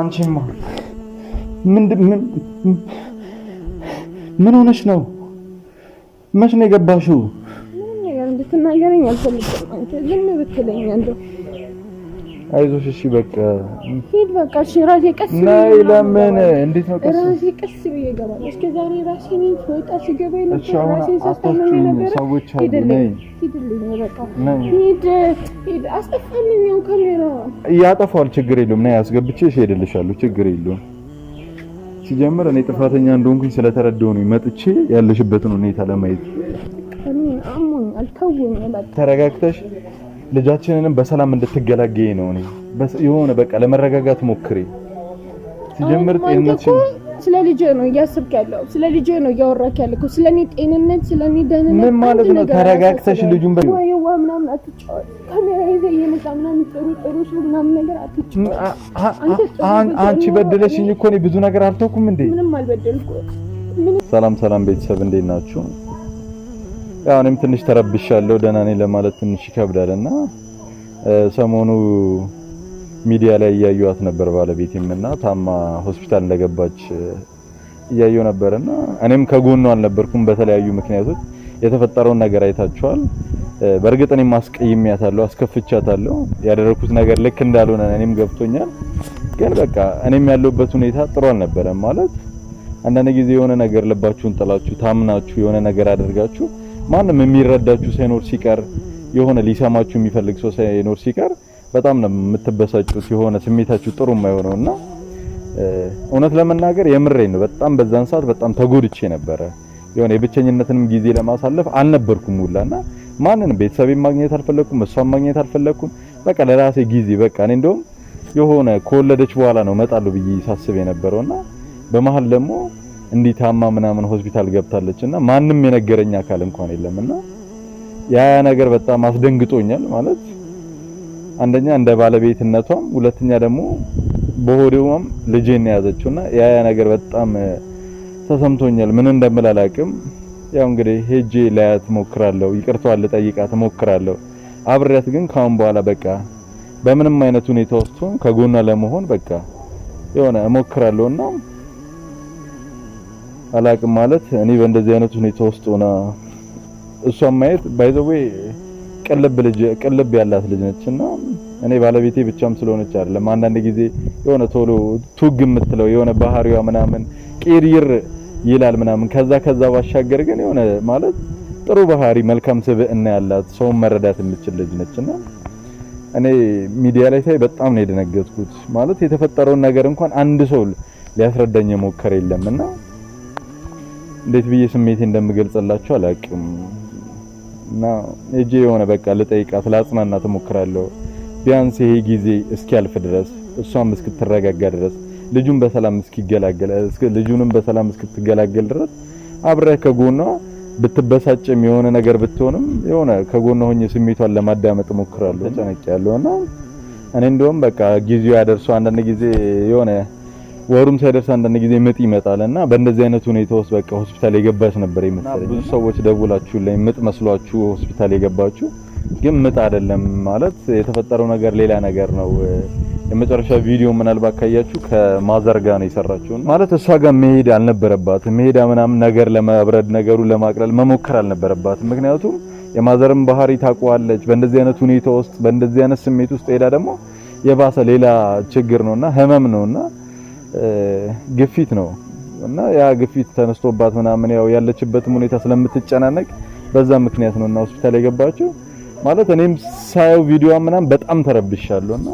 አንቺማ ምን ሆነሽ ነው? መች ነው የገባሽው? ምንም ነገር እንድትናገረኝ አልፈልግም። አንተ ዝም ብትለኝ አይዞሽ፣ እሺ በቃ ሂድ፣ በቃ እሺ። ራሴ ቀስ ነይ። ለምን እንዴት ነው? ቀስ ራሴ ቀስ ብዬ እገባለሁ። እስከ ዛሬ ራሴ ነኝ ወጣ ሲገባ ይለኝ ራሴ ሳስተምር ነበር። ሰዎች አሉ። ነይ፣ ሂድልኝ፣ በቃ ሂድ፣ ሂድ። አስጠፋልኝ፣ ያው ካሜራ ያጠፋዋል። ችግር የለውም። ነይ፣ አስገብቼ እሄድልሻለሁ። ችግር የለውም። ሲጀምር እኔ ጥፋተኛ እንደሆንኩኝ ስለተረዳሁ ነው መጥቼ ያለሽበትን ሁኔታ ለማየት። እኔ አሞኛል፣ ተወኝ። ተረጋግተሽ ልጃችንንም በሰላም እንድትገላገይ ነው። እኔ የሆነ በቃ ለመረጋጋት ሞክሪ። ሲጀምር ጤንነትሽን ስለ ልጄ ነው እያስብክ ያለው ስለ ልጄ ነው እያወራክ ያለው ስለ እኔ ጤንነት፣ ስለ እኔ ደህንነት ምን ማለት ነው? ተረጋግተሽ ልጁን በይ። ወይ ወይዋ ምናምን አትጫወት። ካሜራ ይዘህ እየመጣ ምናምን ጥሩ ጥሩ ሰው ምናምን ነገር አትጫወት። አንቺ በደለሽኝ እኮ እኔ ብዙ ነገር አልተውኩም እንዴ? ምንም አልበደልኩ። ሰላም ሰላም፣ ቤተሰብ እንዴት ናችሁ? እኔም ትንሽ ተረብሻለሁ፣ ደህና ነኝ ለማለት ትንሽ ይከብዳል እና ሰሞኑ ሚዲያ ላይ እያየኋት ነበር ባለቤቴም እና ታማ ሆስፒታል እንደገባች እያየው ነበር እና እኔም ከጎኗ አልነበርኩም በተለያዩ ምክንያቶች የተፈጠረውን ነገር አይታችኋል። በእርግጥ እኔም አስቀይሜያታለሁ፣ አስከፍቻታለሁ። ያደረኩት ነገር ልክ እንዳልሆነ እኔም ገብቶኛል። ግን በቃ እኔም ያለሁበት ሁኔታ ጥሩ አልነበረም ማለት አንዳንድ ጊዜ የሆነ ነገር ልባችሁን ጥላችሁ ታምናችሁ የሆነ ነገር አድርጋችሁ ማንም የሚረዳችሁ ሳይኖር ሲቀር የሆነ ሊሰማችሁ የሚፈልግ ሰው ሳይኖር ሲቀር በጣም ነው የምትበሳጩት። የሆነ ስሜታችሁ ጥሩ የማይሆነው እና እውነት ለመናገር የምሬን ነው። በጣም በዛን ሰዓት በጣም ተጎድቼ ነበረ። የሆነ የብቸኝነትንም ጊዜ ለማሳለፍ አልነበርኩም ሁላና ማንንም ቤተሰቤን ማግኘት አልፈለኩም፣ እሷን ማግኘት አልፈለኩም። በቃ ለራሴ ጊዜ በቃ እኔ እንደውም የሆነ ከወለደች በኋላ ነው እመጣለሁ ብዬ ሳስብ የነበረውና በመሀል ደግሞ እንዲታማ ምናምን ሆስፒታል ገብታለች እና ማንም የነገረኝ አካል እንኳን የለምና ያ ነገር በጣም አስደንግጦኛል። ማለት አንደኛ እንደ ባለቤትነቷም፣ ሁለተኛ ደግሞ በሆዴውም ልጄን የያዘችውና ያ ያ ነገር በጣም ተሰምቶኛል። ምን እንደምል አላቅም። ያው እንግዲህ ሄጄ ላያት እሞክራለሁ፣ ይቅርታዋን ልጠይቃት ሞክራለሁ። አብሬያት ግን ካሁን በኋላ በቃ በምንም አይነት ሁኔታ ውስጥ ከጎኗ ለመሆን በቃ የሆነ እሞክራለሁና አላቅም ማለት እኔ በእንደዚህ አይነት ሁኔታ ውስጥ ሆና እሷን ማየት ባይዘዌ ቅልብ ልጅ ቅልብ ያላት ልጅ ነች እና እኔ ባለቤቴ ብቻም ስለሆነች አይደለም አንዳንድ ጊዜ የሆነ ቶሎ ቱግ የምትለው የሆነ ባህሪዋ ምናምን ቂሪር ይላል ምናምን ከዛ ከዛ ባሻገር ግን የሆነ ማለት ጥሩ ባህሪ መልካም ስብዕና ያላት ሰውን መረዳት የምችል ልጅ ነችና እኔ ሚዲያ ላይ ሳይ በጣም ነው የደነገጥኩት። ማለት የተፈጠረውን ነገር እንኳን አንድ ሰው ሊያስረዳኝ የሞከረ የለምና እንዴት ብዬ ስሜቴ እንደምገልጽላችሁ አላውቅም። እና እጄ የሆነ በቃ ልጠይቃት ላጽናናት እሞክራለሁ። ቢያንስ ይሄ ጊዜ እስኪያልፍ ድረስ እሷም እስክትረጋጋ ድረስ ልጁን በሰላም እስኪገላገል ልጁንም በሰላም እስክትገላገል ድረስ አብረህ ከጎኗ ብትበሳጭም የሆነ ነገር ብትሆንም የሆነ ከጎኗ ሆኜ ስሜቷን ለማዳመጥ እሞክራለሁ። ተጨነቅ ያለውና እኔ እንደውም በቃ ጊዜው ያደርሰው አንዳንድ ጊዜ የሆነ ወሩም ሳይደርስ አንዳንድ ጊዜ ምጥ ይመጣል እና በእንደዚህ አይነት ሁኔታ ውስጥ በቃ ሆስፒታል የገባች ነበር የመሰለኝ። ብዙ ሰዎች ደውላችሁ ላይ ምጥ መስሏችሁ ሆስፒታል የገባችሁ ግን ምጥ አይደለም ማለት የተፈጠረው ነገር ሌላ ነገር ነው። የመጨረሻ ቪዲዮ ምናልባት ካያችሁ ከማዘር ጋር ነው የሰራችሁ። ማለት እሷ ጋር መሄድ አልነበረባትም። መሄዳ ምናምን ነገር ለማብረድ ነገሩን ለማቅለል መሞከር አልነበረባትም። ምክንያቱም የማዘርን ባህሪ ታውቀዋለች። በእንደዚህ አይነት ሁኔታ ውስጥ በእንደዚህ አይነት ስሜት ውስጥ ሄዳ ደግሞ የባሰ ሌላ ችግር ነውና ህመም ነውና ግፊት ነው እና ያ ግፊት ተነስቶባት ምናምን ያው ያለችበትም ሁኔታ ስለምትጨናነቅ በዛ ምክንያት ነው እና ሆስፒታል የገባችው። ማለት እኔም ሳየው ቪዲዮ ምናምን በጣም ተረብሻለሁ እና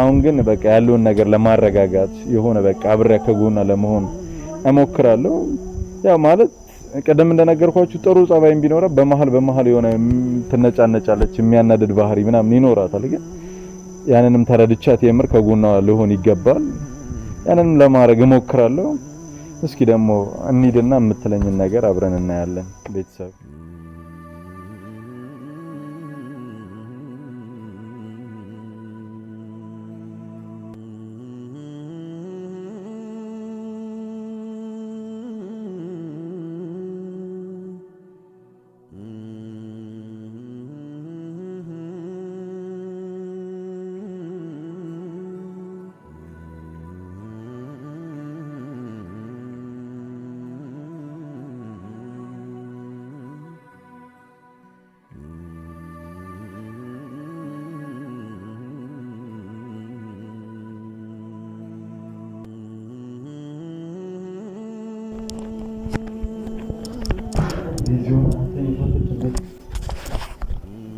አሁን ግን በቃ ያለውን ነገር ለማረጋጋት የሆነ በቃ አብሬ ከጎኗ ለመሆን እሞክራለሁ። ያው ማለት ቀደም እንደነገርኳችሁ ጥሩ ጸባይም ቢኖራት በመሀል በመሀል የሆነ ትነጫነጫለች፣ የሚያናድድ ባህሪ ምናምን ይኖራታል። ግን ያንንም ተረድቻት የምር ከጎኗ ልሆን ይገባል። ያንንም ለማድረግ እሞክራለሁ። እስኪ ደግሞ እንሂድና የምትለኝን ነገር አብረን እናያለን ቤተሰብ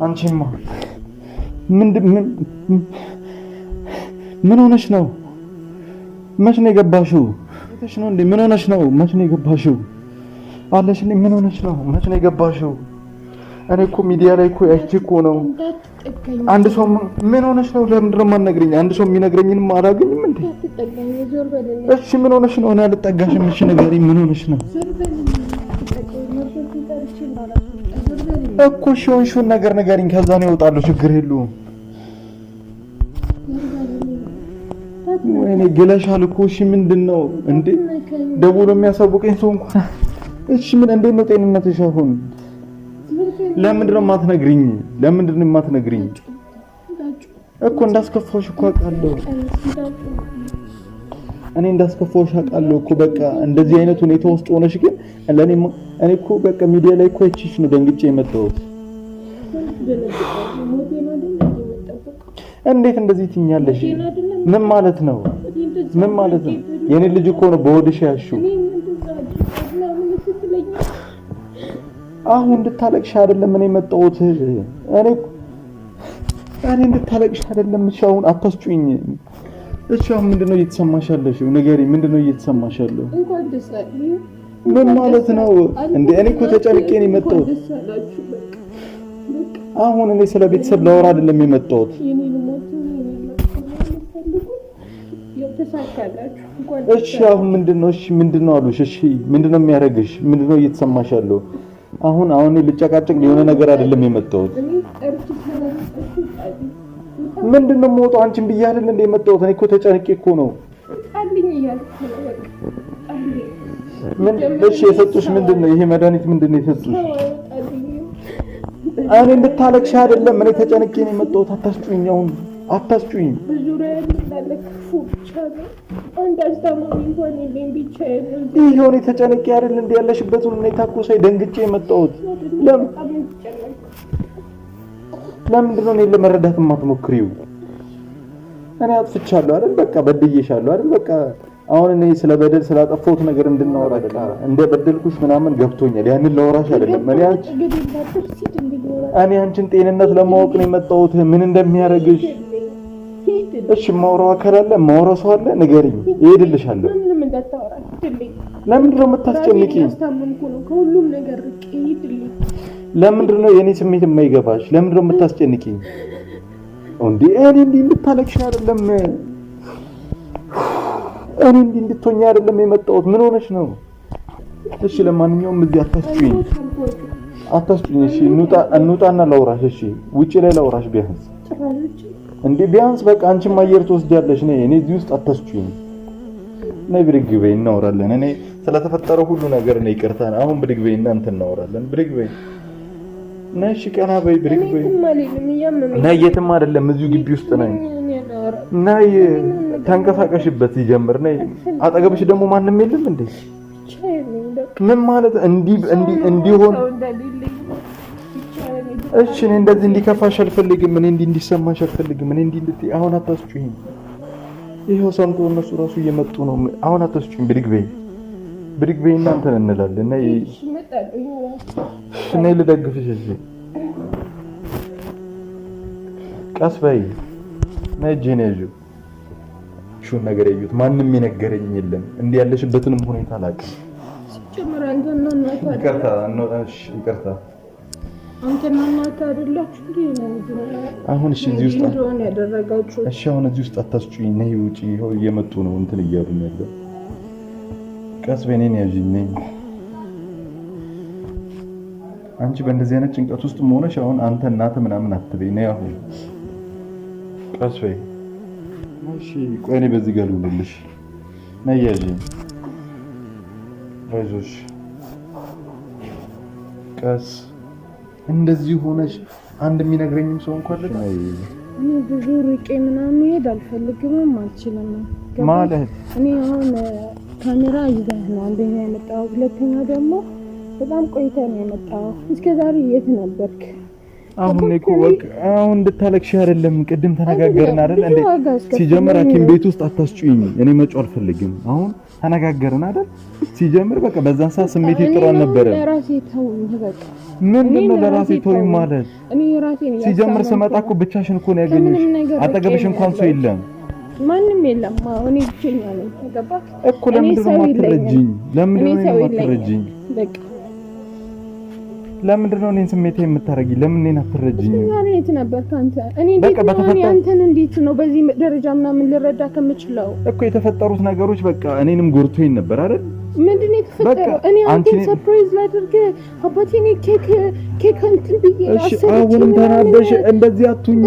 አንቺማ ምን ሆነሽ ነው? መች ነው የገባሽው? ቤተሽ ነው እንዴ? ምን ሆነሽ ነው? መች ነው የገባሽው? አለሽ እንዴ? ምን ሆነሽ ነው? መች ነው የገባሽው? እኔ እኮ ሚዲያ ላይ እኮ ያቺ እኮ ነው። አንድ ሰው ምን ሆነሽ ነው? ለምንድን ነው የማትነግሪኝ? አንድ ሰው የሚነግረኝንም አላገኝም እንዴ? እሺ ምን ሆነሽ ነው? እኔ አልጠጋሽም። እሺ ንገሪኝ፣ ምን ሆነሽ ነው? እኮ እሺ፣ የሆንሽውን ነገር ንገሪኝ፣ ከዛ ነው ይወጣሉ። ችግር የለውም። ወይኔ ግለሻል እኮ እሺ። ምንድን ነው እንዴ ደውሎ የሚያሳውቀኝ ሰው እንኳን እሺ። ምን እንዴት ነው ጤንነትሽ አሁን? ለምንድን ነው የማትነግሪኝ? ለምንድን ነው የማትነግሪኝ? እኮ እንዳስከፋሽ እኮ አውቃለሁ። እኔ እንዳስከፋሁሽ አውቃለሁ እኮ በቃ እንደዚህ አይነት ሁኔታ ውስጥ ሆነሽ ግን ለእኔ እኔ እኮ በቃ ሚዲያ ላይ እኮ አይቼሽ ነው ደንግጬ የመጣሁት። እንዴት እንደዚህ ትኛለሽ? ምን ማለት ነው? ምን ማለት ነው? የኔ ልጅ እኮ ነው በሆድሽ ያሹ አሁን እንድታለቅሽ አይደለም እኔ የመጣሁት። እኔ እኔ እንድታለቅሽ አይደለም። አሁን አታስጩኝ። እሺ አሁን ምንድነው እየተሰማሽ ያለሽው? ንገሪኝ፣ ምንድነው እየተሰማሽ ያለው? ምን ማለት ነው እንዴ? እኔ እኮ ተጨንቄ ነው የመጣሁት። አሁን እኔ ስለ ቤተሰብ ላወራ አይደለም የመጣሁት። እሺ አሁን ምንድነው? እሺ ምንድነው አሉሽ? እሺ ምንድነው የሚያደርግሽ? ምንድነው እየተሰማሽ ያለው? አሁን አሁን ልጨቃጨቅ የሆነ ነገር አይደለም የመጣሁት። ምንድን ነው የምወጣው? አንቺን ብዬሽ አይደል እንደ የመጣሁት? እኔ እኮ ተጨንቄ እኮ ነው። እሺ የሰጡሽ ምንድን ነው? ይሄ መድኃኒት ምንድን ነው የሰጡሽ? እኔ እንድታለቅሽ አይደለም። እኔ ተጨንቄ ነው የመጣሁት። አታስጩኝ፣ አሁን አታስጩኝ። ይሄ እኔ ተጨንቄ አይደል እንደ ያለሽበትን ሁኔታ እኮ ሳይ ደንግጬ የመጣሁት ለምን ለምንድን ነው እኔን ለመረዳት የማትሞክሪው? እኔ አጥፍቻለሁ አይደል? በቃ በድዬሻለሁ አይደል? በቃ አሁን እኔ ስለ በደል ስላጠፋሁት ነገር እንድናወራ እንደ በደልኩሽ ምናምን ገብቶኛል። ያንን ለወራሽ አይደለም እኔ አንቺ እኔ አንቺን ጤንነት ለማወቅ ነው የመጣሁት፣ ምን እንደሚያደርግሽ። እሺ የማወራው አካል አለ ማውራው ሰው አለ፣ ንገሪኝ፣ እሄድልሻለሁ። ለምንድን ነው የምታስጨንቂኝ? ለምንድን ነው የኔ ስሜት የማይገባሽ? ለምንድን ነው የምታስጨንቂኝ? እንዴ እኔ እንዲህ እንድታለቅሽ አይደለም፣ እኔ እንዲህ እንድትሆኝ አይደለም የመጣሁት። ምን ሆነሽ ነው? እሺ ለማንኛውም እዚህ አታስጩኝ፣ አታስጩኝ። እሺ እንውጣ፣ እንውጣና ላውራሽ። እሺ ውጪ ላይ ላውራሽ ቢያንስ እንዴ ቢያንስ በቃ አንቺም አየር ትወስጃለሽ። እኔ እኔ እዚህ ውስጥ አታስጩኝ። ነይ ብድግ በይ እናወራለን። እኔ ስለተፈጠረው ሁሉ ነገር ነው ይቅርታ። አሁን ብድግ በይ እና እንትን እናወራለን። ብድግ በይ ነሽ ቀና በይ ብሪክ በይ። ነይ የትም አይደለም እዚሁ ግቢ ውስጥ ነኝ። ነይ ተንቀሳቀሽበት ይጀምር ነይ። አጠገብሽ ደግሞ ማንም የለም እንዴ? ምን ማለት እንዲህ እንዲህ እንዲሆን እሺ። እኔ እንደዚህ እንዲከፋሽ አልፈልግም። እኔ እንዲህ እንዲሰማሽ አልፈልግም። እኔ እንዲህ እንድትይ አሁን አታስችሁኝ። ይሄው ሰምቶ እነሱ ራሱ እየመጡ ነው። አሁን አታስችሁኝ። ብሪክ በይ ብድግ በይና እንትን እንላለን እና ልደግፍሽ። እሺ ቀስ በይ እና እጄን ያዥው። እሺውን ነገር ያዩት ማንም የነገረኝ የለም። እንዲህ ያለሽበትንም ሁኔታ አላውቅም። ይቅርታ አሁን እሺ፣ እዚህ ውስጥ አሁን እዚህ ውስጥ አታስጩኝ። ነይ ውጪ። ይኸው እየመጡ ነው እንትን እያሉ ያለው ቀስ በእኔን ያዥኝ። አንቺ በእንደዚህ አይነት ጭንቀት ውስጥ መሆንሽ አሁን አንተ እናት ምናምን አትበይ። ነይ አሁን ቀስ በይ። እሺ ቆይ እኔ በዚህ ጋር ልውልልሽ። ነይ ያዥኝ። አይዞሽ፣ ቀስ እንደዚህ ሆነሽ አንድ የሚነግረኝም ሰው እንኳን አይ እኔ ብዙ ርቄ ምናምን መሄድ አልፈልግም አልችልም ማለት እኔ አሁን ካሜራ ይዘህ ነው አንደኛ የመጣው፣ ሁለተኛ ደግሞ በጣም ቆይተ ነው የመጣው። እስከ ዛሬ የት ነበርክ? አሁን እኮ በቃ አሁን እንድታለቅሽ አይደለም። ቅድም ተነጋገርን አይደል እንዴ? ሲጀምር ሐኪም ቤት ውስጥ አታስጩኝ። እኔ መጮ አልፈልግም። አሁን ተነጋገርን አይደል? ሲጀምር በቃ በዛን ሰዓት ስሜት ጥሩ አልነበረም። ምንድን ነው ለራሴ ተውኝ ማለት? ሲጀምር ስመጣ እኮ ብቻሽን እኮ ነው ያገኘሁሽ። አጠገብሽ እንኳን ሰው የለም ማንም የለም። አሁን ብቸኛ ነኝ። ገባክ እኮ። ለምን ደግሞ አትረጂኝ? ለምን ደግሞ አትረጂኝ? በቃ ለምንድን ነው እኔን ስሜት የምታረጊኝ? ለምን እኔን አትረጂኝ? የት ነበርክ አንተ? እኔ እንዴት ነው አንተን እንዴት ነው በዚህ ደረጃ ምናምን ልረዳ ከምችለው እኮ የተፈጠሩት ነገሮች በቃ እኔንም ጎርቶኝ ነበር አይደል ምንድን የተፈጠረው? እኔ አንተን ሰርፕራይዝ ላድርግ አባቴ፣ እኔ ኬክ ኬክ እንትን ብዬ አሁንም ተናበሽ እንደዚህ አትሁኝ።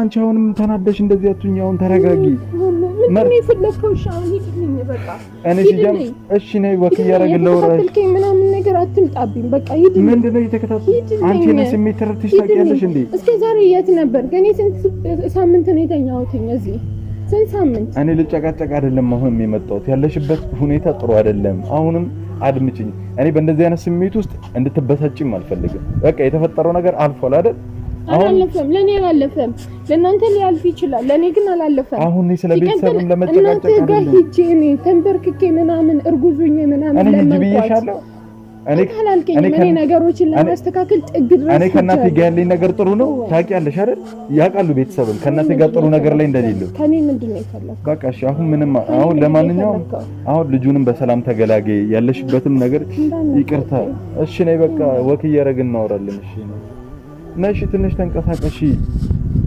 አንቺ አሁንም ተናበሽ እንደዚህ አትሁኝ። አሁን ተረጋጊ። እሺ ነይ ወክ እያደረግን ለውራሽ ምናምን ነገር አትምጣብኝ። በቃ ሂድ። ምንድን ነው እየተከታተልሽ? አንቺ ነሽ ስሜት ተረድተሽ ታውቂያለሽ እንዴ? እስከ ዛሬ የት ነበር? ገኔ ስንት ሳምንት ነው የተኛሁትኝ እዚህ ስንት እኔ ልጨቃጨቅ አይደለም አሁን የመጣሁት። ያለሽበት ሁኔታ ጥሩ አይደለም። አሁንም አድምጭኝ። እኔ በእንደዚህ አይነት ስሜት ውስጥ እንድትበሳጭም አልፈልግም። በቃ የተፈጠረው ነገር አልፏል አይደል? አላለፈም። ለእኔ አላለፈም። ለእናንተ ሊያልፍ ይችላል፣ ለእኔ ግን አላለፈም። አሁን ስለ ቤተሰብም ለመጨቃጨቅ እናንተ ጋር ሂጄ እኔ ተንበርክኬ ምናምን እርጉዙኝ ምናምን ለምን እኔ ነገሮችን ለማስተካከል ጥግ ድረስ እኔ ከእናቴ ጋር ያለኝ ነገር ጥሩ ነው። ታውቂያለሽ አይደል? ያውቃሉ ቤተሰብም ከእናቴ ጋር ጥሩ ነገር ላይ እንደሌለው። ከኔ ምንድን ነው የፈለከው? በቃ እሺ፣ አሁን ምንም አሁን ለማንኛውም አሁን ልጁንም በሰላም ተገላገይ፣ ያለሽበትም ነገር ይቅርታ። እሺ ነይ፣ በቃ ወክ እያደረግን እናወራለን። እሺ ነሽ፣ ትንሽ ተንቀሳቀሺ።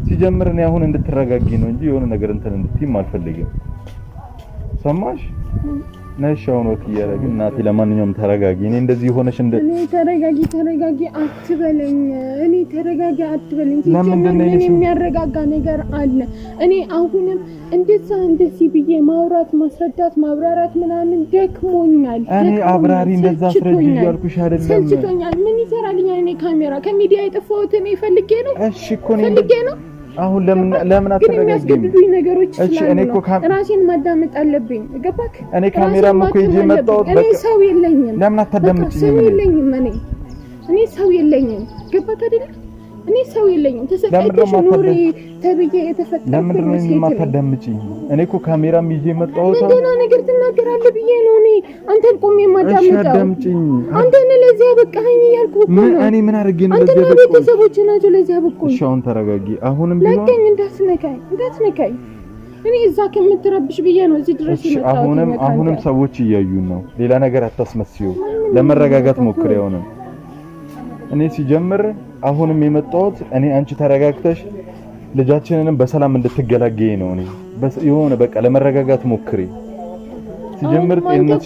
ሲጀምር እኔ አሁን እንድትረጋጊ ነው እንጂ የሆነ ነገር እንትን እንድትይም አልፈልግም። ሰማሽ? ነሽ አሁን ወክ እያደረግን እናቴ፣ ለማንኛውም ተረጋጊ። እኔ እንደዚህ ሆነሽ እንደ እኔ ተረጋጊ፣ ተረጋጊ አትበለኝ። እኔ ተረጋጊ አትበለኝ። ለምንድን የሚያረጋጋ ነገር አለ? እኔ አሁንም እንደዛ እንደዚህ ብዬ ማውራት፣ ማስረዳት፣ ማብራራት ምናምን ደክሞኛል። እኔ አብራሪ እንደዛ አስረጅ እያልኩሽ አይደለም። ሰልችቶኛል። ምን ይሰራልኛል? እኔ ካሜራ ከሚዲያ የጠፋሁት እኔ ፈልጌ ነው። እሺ እኮ ነው ፈልጌ ነው አሁን ለምን ለምን አትረጋግኝ? ነገሮች እሺ፣ እኔ እኮ ራሴን ማዳመጥ አለብኝ። ገባክ? እኔ ካሜራም እኮ ይዤ መጣሁት። እኔ ሰው የለኝም። ለምን አታዳምጪኝ? ሰው የለኝም። እኔ እኔ ሰው የለኝም። ገባክ አይደል? እኔ ሰው የለኝም። ተሰቃይተሽ ኑሪ ተብዬ የተፈጠርኩኝ ሴት ነኝ። እኔ እኮ ካሜራም ይዤ መጣሁት። ደህና ነገር ትናገራለህ ብዬ ነው እኔ አንተን ቆሜ የማዳምጠው። አዳምጪኝ። አንተን ለዚያ ያበቃኸኝ እያልኩ ምን ነው። እኔ ምን አድርጌ ነው ለዚህ ያበቃሁት? ቤተሰቦችህ ናቸው ለዚህ ያበቁኝ። እሺ አሁን ተረጋጊ። አሁንም ቢሆን ለቀኝ፣ እንዳትነካኝ፣ እንዳትነካኝ። እኔ እዛ ከምትረብሽ ብዬ ነው እዚህ ድረስ የመጣሁት። አሁንም አሁንም ሰዎች እያዩን ነው። ሌላ ነገር አታስመስዩ። ለመረጋጋት ሞክሬ አሁንም እኔ ሲጀምር አሁንም የመጣሁት እኔ አንቺ ተረጋግተሽ ልጃችንንም በሰላም እንድትገላገይ ነው። እኔ የሆነ በቃ ለመረጋጋት ሞክሪ። ሲጀምር ጤንነት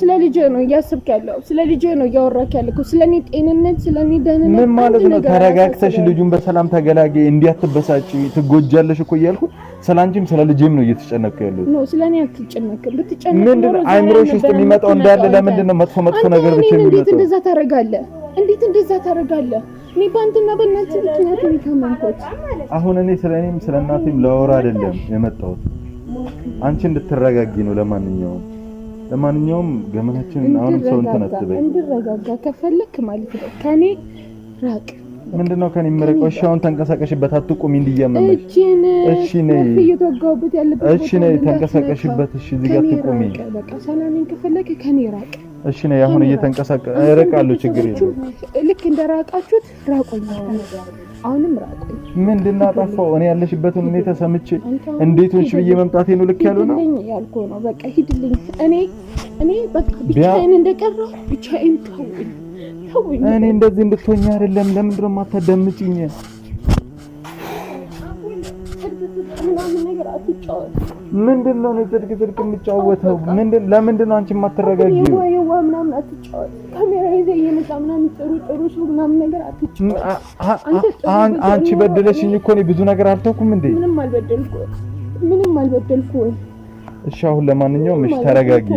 ስለ ልጄ ነው እያስብክ ያለው፣ ስለ ልጄ ነው እያወራክ ያለው፣ ስለ እኔ ጤንነት፣ ስለ እኔ ደህንነት ምን ማለት ነው? ተረጋግተሽ ልጁን በሰላም ተገላገይ፣ እንዲያትበሳጭ ትጎጃለሽ እኮ እያልኩ ስለ አንቺም ስለ ልጄም ነው እየተጨነኩ ያለው። ነው ስለ እኔ አትጨነቅ። ብትጨነቅ ምንድን ነው አይምሮሽ ውስጥ የሚመጣው እንዳለ ለምንድን ነው መጥፎ መጥፎ ነገር ብቻ የሚመጣው? እንዴት እንደዛ ታደርጋለህ? እንዴት እንደዛ ታደርጋለህ? እኔ ባንትና በእናትህ ምክንያት ነው የታመምኩት። አሁን እኔ ስለ እኔም ስለ እናቴም ላወራ አይደለም የመጣሁት አንቺ እንድትረጋጊ ነው። ለማንኛውም ለማንኛውም ገመናችን አሁንም ሰው እንትን አትበይ። እንድረጋጋ ከፈለክ ማለት ነው ከኔ ራቅ። ምንድነው ከኔ የምርቀው? እሺ አሁን ተንቀሳቀሽበት፣ አትቁሚ እንዲያመመሽ። እሺ ነይ፣ እሺ ነይ፣ ተንቀሳቀሽበት። እሺ እዚህ ጋር አትቁሚ። በቃ ሰላሜን ከፈለክ ከኔ ራቅ። እሺ ነው አሁን እየተንቀሳቀሰ ይረቃሉ። ችግር የለውም። ልክ እንደራቃችሁት ራቆኝ አሁንም ራቆኝ። ምንድን ነው አጠፋው? እኔ ያለሽበትን ሁኔታ ሰምቼ እንዴት ሆንሽ ብዬ መምጣቴ ነው ልክ ያለው ነው ያልኩ ነው። በቃ ሂድልኝ። እኔ እኔ በቃ ብቻዬን እንደቀረሁ ብቻዬን ተውኝ። እኔ እንደዚህ እንድትሆኝ አይደለም። ለምንድን ነው የማታዳምጪኝ? ምንድን ነው ነው ዝርግ የምጫወተው? ምንድን ለምንድን ነው አንቺ የማትረጋጊው? ይዋ ይዋ ምናምን አትጫወት። ካሜራ ይዘ እየመጣ ምናምን ጥሩ ጥሩ ሰው ምናምን ነገር አትጫወት። አንቺ በደለሽኝ እኮ እኔ ብዙ ነገር አልተውኩም እንዴ? ምንም አልበደልኩ፣ ምንም አልበደልኩ። እሺ አሁን ለማንኛውም እሺ ተረጋጊ።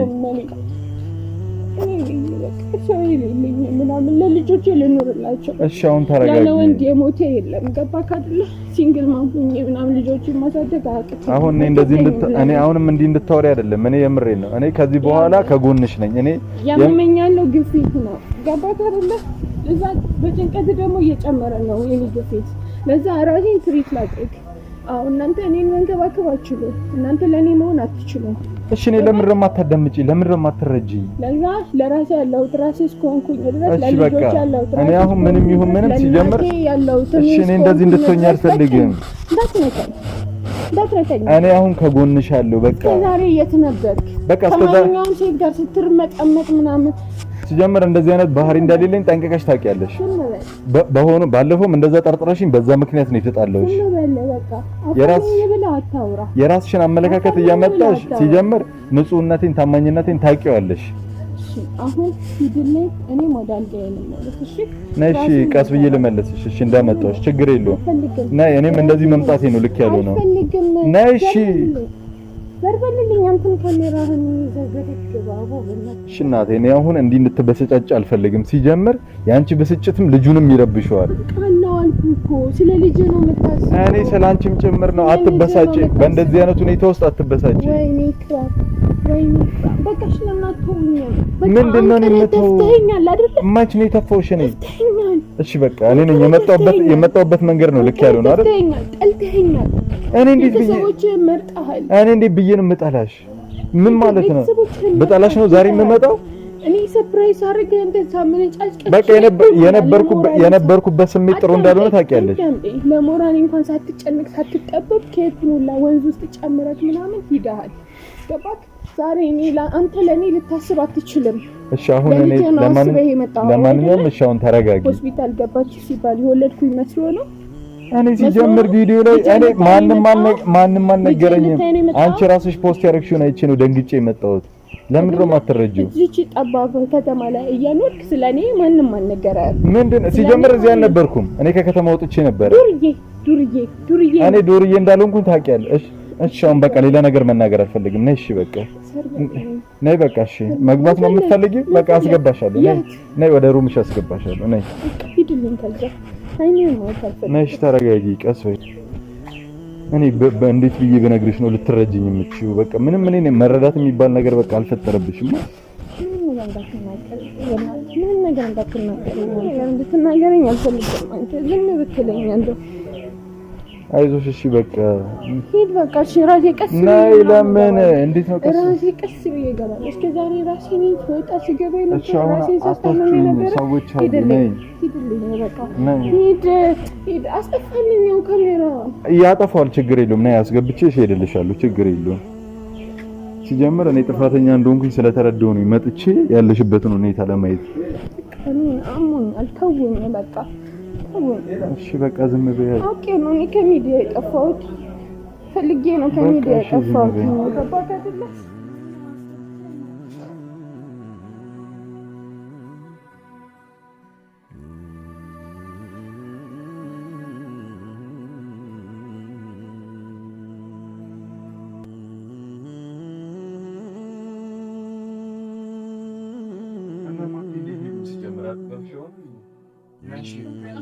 ሰው የሌለኝ ምናምን ለልጆቼ ልኖርላቸው። እሺ አሁን ተረጋጊ። ያለ ወንድ የሞቴ የለም። ገባክ አይደለ? ሲንግል ማሁኝ ምናምን ልጆችን ማሳደግ አቅት። አሁን እኔ እንደዚህ እንድት እኔ አሁንም እንዲህ እንድታወሪ አይደለም። እኔ የምሬ ነው። እኔ ከዚህ በኋላ ከጎንሽ ነኝ። እኔ ያመመኛለው ግፊት ነው። ገባክ አይደለ? እዛ በጭንቀት ደግሞ እየጨመረ ነው የኔ ግፊት። ለዛ ራሴን ትሪት ላድርግ አዎ እናንተ እኔን መንከባከብ አትችሉም። እናንተ ለእኔ መሆን አትችሉ። እሺ እኔ ለምን ማታደምጪ? ለምን ማትረጂ? ለዛ ለራሴ ያለሁት ራሴ እስከሆንኩኝ ድረስ ለልጆች ያለሁት እኔ አሁን ምንም ይሁን ምንም ሲጀምር፣ እሺ እኔ እንደዚህ እንድትሆኝ አልፈልግም። እንዳትነካኝ፣ እንዳትነካኝ። እኔ አሁን ከጎንሽ አለሁ። በቃ ዛሬ የት ነበርክ? በቃ ከማንኛውም ሴት ጋር ስትርመጠመጥ ምናምን ሲጀምር እንደዚህ አይነት ባህሪ እንደሌለኝ ጠንቅቀሽ ታውቂያለሽ። በሆኑ ባለፈውም እንደዛ ጠርጥረሽኝ በዛ ምክንያት ነው የተጣለሁሽ። የራስሽን አመለካከት እያመጣሽ ሲጀምር ንጹህነቴን፣ ታማኝነቴን ታውቂዋለሽ። ነሽ ቀስ ብዬ ልመለስሽ። እሺ እንዳመጣሁሽ ችግር የለውም። ነይ እኔም እንደዚህ መምጣቴ ነው ልክ ያለው ነው። ነይ እሺ በርበልልኝ አንተን ካሜራህን እሺ እናቴ እኔ አሁን እንዲህ አልፈልግም ሲጀምር የአንቺ ብስጭትም ልጁንም ይረብሸዋል ስለ ልጅ ነው የምታስበው እኔ ስለ አንቺም ጭምር ነው አትበሳጭ በእንደዚህ አይነት ሁኔታ ውስጥ አትበሳጭ ወይኔ ምንድን ነው የተፈውሽ እሺ በቃ እኔ ነኝ የመጣሁበት የመጣሁበት መንገድ ነው ልክ ያለው ነው አይደል? ጠልተኸኛል። እኔ እንዴት ብዬ እኔ እንዴት ብዬ ነው የምጠላሽ? ምን ማለት ነው በጠላሽ ነው ዛሬ የምመጣው? እኔ ሰርፕራይዝ አድርገ እንደዛ ምን ጫጭቀሽ በቃ የነበርኩበት የነበርኩበት ስሜት ጥሩ እንዳልሆነ ታውቂያለሽ። ለሞራኔ እንኳን ሳትጨንቅ ሳትጠበብ ከየት ሁላ ወንዝ ውስጥ ጨምረክ ምናምን ሂደሃል። ገባክ? ዛሬ እኔ አንተ ለእኔ ልታስብ አትችልም። እሺ አሁን እኔ ለማንኛውም እሺ አሁን ተረጋጊ። ሆስፒታል ገባች ሲባል ነው። እኔ ሲጀምር ቪዲዮ ላይ እኔ ማንም አልነገረኝም። አንቺ ራስሽ ፖስት ያደረግሽውን አይቼ ነው ደንግጬ የመጣሁት። ለምንድን ነው የማትረጂው? እዚች ጠባብ ከተማ ላይ ስለኔ ማንም አልነገረህም። ምንድን ሲጀምር እዚህ አልነበርኩም እኔ ከከተማ ወጥቼ ነበር። ዱርዬ ዱርዬ ዱርዬ እኔ ዱርዬ እንዳልሆንኩኝ ታውቂያለሽ። እሺ እሺ አሁን በቃ ሌላ ነገር መናገር አልፈልግም። ነይ እሺ፣ በቃ ነይ፣ በቃ እሺ። መግባት ነው የምትፈልጊ? በቃ አስገባሻለሁ። ነይ፣ ነይ፣ ወደ ሩምሽ አስገባሻለሁ። ነይ፣ ነይ፣ ተረጋጊ፣ ቀስ በይ። እኔ እንዴት ብዬ ብነግርሽ ነው ልትረጅኝ የምትችይው? በቃ ምንም እኔ መረዳት የሚባል ነገር በቃ አልፈጠረብሽም። ምንም ነገር እንዳትናገረኝ አልፈልግም። አንተ ዝም ብትለኝ እንደው አይዞሽ እሺ በቃ ሂድ በቃ እሺ ራሴ ቀስ ናይ ለምን እንዴት ነው ቀስ ራሴ ቀስ ብዬ እገባለሁ እስከ ዛሬ ራሴ ነኝ ወጣ ስገባ ነው ራሴ ሳስተምር ነበር ሰዎች አሉ ነኝ በቃ ሂድ ሂድ አስጠፋልኝ ያው ካሜራ ያጠፋዋል ችግር የለውም ናይ አስገብቼ እሺ ሄድልሻለሁ ችግር የለውም ሲጀምር እኔ ጥፋተኛ እንደሆንኩኝ ስለተረዳሁ ነው መጥቼ ያለሽበትን ሁኔታ ለማየት ቀኑን አሞኝ አልተውኝ በቃ እሺ በቃ ዝም ብዬሽ። ኦኬ ነው እኔ ከሚዲያ የጠፋሁት ፈልጌ ነው ከሚዲያ የጠፋሁት። ምንም